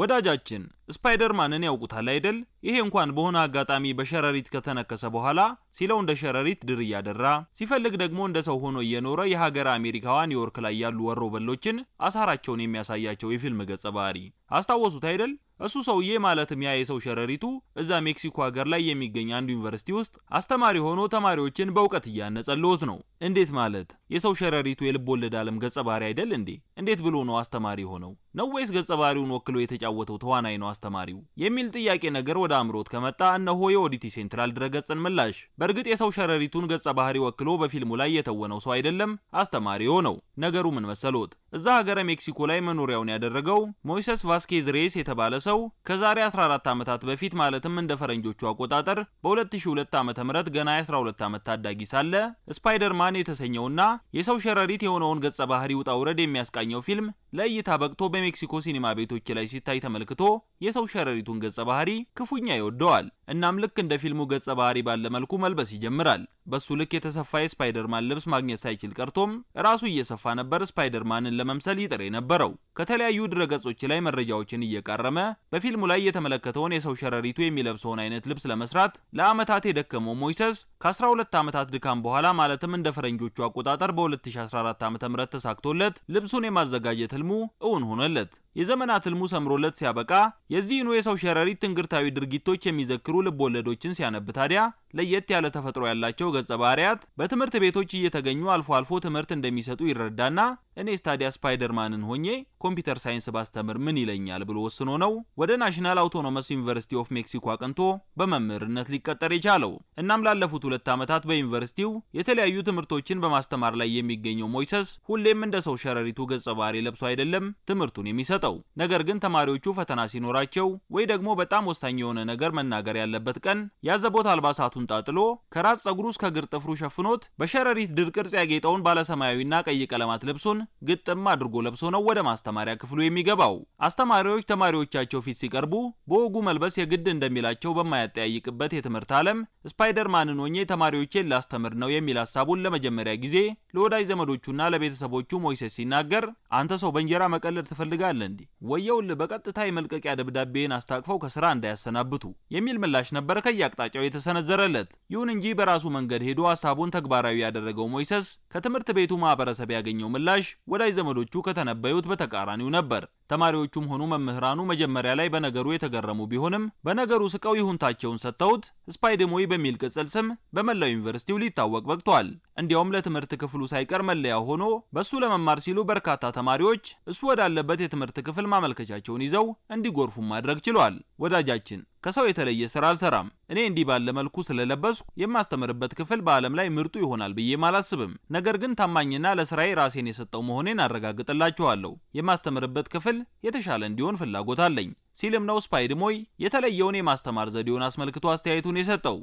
ወዳጃችን ስፓይደርማንን ያውቁታል አይደል? ይሄ እንኳን በሆነ አጋጣሚ በሸረሪት ከተነከሰ በኋላ ሲለው እንደ ሸረሪት ድር እያደራ ሲፈልግ ደግሞ እንደ ሰው ሆኖ እየኖረ የሀገር አሜሪካዋ ኒውዮርክ ላይ ያሉ ወሮ በሎችን አሳራቸውን የሚያሳያቸው የፊልም ገጸ ባህሪ አስታወሱት አይደል? እሱ ሰውዬ ማለትም ያ የሰው ሸረሪቱ እዛ ሜክሲኮ ሀገር ላይ የሚገኝ አንድ ዩኒቨርሲቲ ውስጥ አስተማሪ ሆኖ ተማሪዎችን በእውቀት እያነጸልዎት ነው። እንዴት ማለት የሰው ሸረሪቱ የልብ ወለድ ዓለም ገጸ ባህሪ አይደል እንዴ? እንዴት ብሎ ነው አስተማሪ ሆነው ነው ወይስ ገጸ ባህሪውን ወክሎ የተጫወተው ተዋናይ ነው አስተማሪው የሚል ጥያቄ ነገር ወደ አእምሮት ከመጣ እነሆ የኦዲቲ ሴንትራል ድረገጽን ምላሽ። በእርግጥ የሰው ሸረሪቱን ገጸ ባህሪ ወክሎ በፊልሙ ላይ የተወነው ሰው አይደለም አስተማሪው ነው። ነገሩ ምን መሰሎት? እዛ ሀገረ ሜክሲኮ ላይ መኖሪያውን ያደረገው ሞይሰስ ቫስኬዝ ሬስ የተባለ ሰው ከዛሬ 14 ዓመታት በፊት ማለትም እንደ ፈረንጆቹ አቆጣጠር በ2002 ዓ.ም ገና የ12 ዓመት ታዳጊ ሳለ ስፓይደርማን ማን የተሰኘውና የሰው ሸረሪት የሆነውን ገጸ ባህሪ ውጣ ውረድ የሚያስቃኘው ፊልም ለእይታ በቅቶ በሜክሲኮ ሲኒማ ቤቶች ላይ ሲታይ ተመልክቶ የሰው ሸረሪቱን ገጸ ባህሪ ክፉኛ ይወደዋል። እናም ልክ እንደ ፊልሙ ገጸ ባህሪ ባለ መልኩ መልበስ ይጀምራል። በሱ ልክ የተሰፋ የስፓይደርማን ልብስ ማግኘት ሳይችል ቀርቶም ራሱ እየሰፋ ነበር ስፓይደርማንን ለመምሰል ይጥር የነበረው። ከተለያዩ ድረገጾች ላይ መረጃዎችን እየቃረመ በፊልሙ ላይ የተመለከተውን የሰው ሸረሪቱ የሚለብሰውን አይነት ልብስ ለመስራት ለአመታት የደከመው ሞይሰስ ከ12 ዓመታት ድካም በኋላ ማለትም እንደ ፈረንጆቹ አቆጣጠር በ2014 ዓ.ም ተሳክቶለት ልብሱን የማዘጋጀት المو اون هونالد የዘመናት ህልሙ ሰምሮለት ሲያበቃ የዚህኑ የሰው ሸረሪት ትንግርታዊ ድርጊቶች የሚዘክሩ ልብ ወለዶችን ሲያነብ ታዲያ ለየት ያለ ተፈጥሮ ያላቸው ገጸ ባህሪያት በትምህርት ቤቶች እየተገኙ አልፎ አልፎ ትምህርት እንደሚሰጡ ይረዳና እኔስ ታዲያ ስፓይደርማንን ሆኜ ኮምፒውተር ሳይንስ ባስተምር ምን ይለኛል ብሎ ወስኖ ነው ወደ ናሽናል አውቶኖመስ ዩኒቨርሲቲ ኦፍ ሜክሲኮ አቅንቶ በመምህርነት ሊቀጠር የቻለው። እናም ላለፉት ሁለት ዓመታት በዩኒቨርሲቲው የተለያዩ ትምህርቶችን በማስተማር ላይ የሚገኘው ሞይሰስ ሁሌም እንደ ሰው ሸረሪቱ ገጸ ባህሪ ለብሶ አይደለም ትምህርቱን የሚሰጠው። ሰጠው። ነገር ግን ተማሪዎቹ ፈተና ሲኖራቸው ወይ ደግሞ በጣም ወሳኝ የሆነ ነገር መናገር ያለበት ቀን ያዘቦት አልባሳቱን ጣጥሎ ከራስ ጸጉሩ እስከ ግር ጥፍሩ ሸፍኖት በሸረሪት ድር ቅርጽ ያጌጠውን ባለሰማያዊና ቀይ ቀለማት ልብሱን ግጥም አድርጎ ለብሶ ነው ወደ ማስተማሪያ ክፍሉ የሚገባው። አስተማሪዎች ተማሪዎቻቸው ፊት ሲቀርቡ በወጉ መልበስ የግድ እንደሚላቸው በማያጠያይቅበት የትምህርት ዓለም ስፓይደርማንን ሆኜ ተማሪዎቼን ላስተምር ነው የሚል ሀሳቡን ለመጀመሪያ ጊዜ ለወዳጅ ዘመዶቹና ለቤተሰቦቹ ሞይሴስ ሲናገር አንተ ሰው በእንጀራ መቀለድ ትፈልጋለን? እንዲህ ወየውል በቀጥታ የመልቀቂያ ደብዳቤን አስታቅፈው ከስራ እንዳያሰናብቱ የሚል ምላሽ ነበር ከየአቅጣጫው የተሰነዘረለት። ይሁን እንጂ በራሱ መንገድ ሄዶ ሀሳቡን ተግባራዊ ያደረገው ሞይሰስ ከትምህርት ቤቱ ማህበረሰብ ያገኘው ምላሽ ወዳጅ ዘመዶቹ ከተነበዩት በተቃራኒው ነበር። ተማሪዎቹም ሆኑ መምህራኑ መጀመሪያ ላይ በነገሩ የተገረሙ ቢሆንም በነገሩ ስቀው ይሁንታቸውን ሰጥተውት ስፓይደሞይ በሚል ቅጽል ስም በመላው ዩኒቨርሲቲው ሊታወቅ በቅቷል። እንዲያውም ለትምህርት ክፍሉ ሳይቀር መለያ ሆኖ በሱ ለመማር ሲሉ በርካታ ተማሪዎች እሱ ወዳለበት የትምህርት ክፍል ማመልከቻቸውን ይዘው እንዲጎርፉ ማድረግ ችሏል። ወዳጃችን ከሰው የተለየ ስራ አልሰራም። እኔ እንዲህ ባለ መልኩ ስለለበስኩ የማስተምርበት ክፍል በዓለም ላይ ምርጡ ይሆናል ብዬም አላስብም። ነገር ግን ታማኝና ለስራዬ ራሴን የሰጠው መሆኔን አረጋግጥላችኋለሁ። የማስተምርበት ክፍል የተሻለ እንዲሆን ፍላጎት አለኝ ሲልም ነው ስፓይድሞይ የተለየውን የማስተማር ዘዴውን አስመልክቶ አስተያየቱን የሰጠው።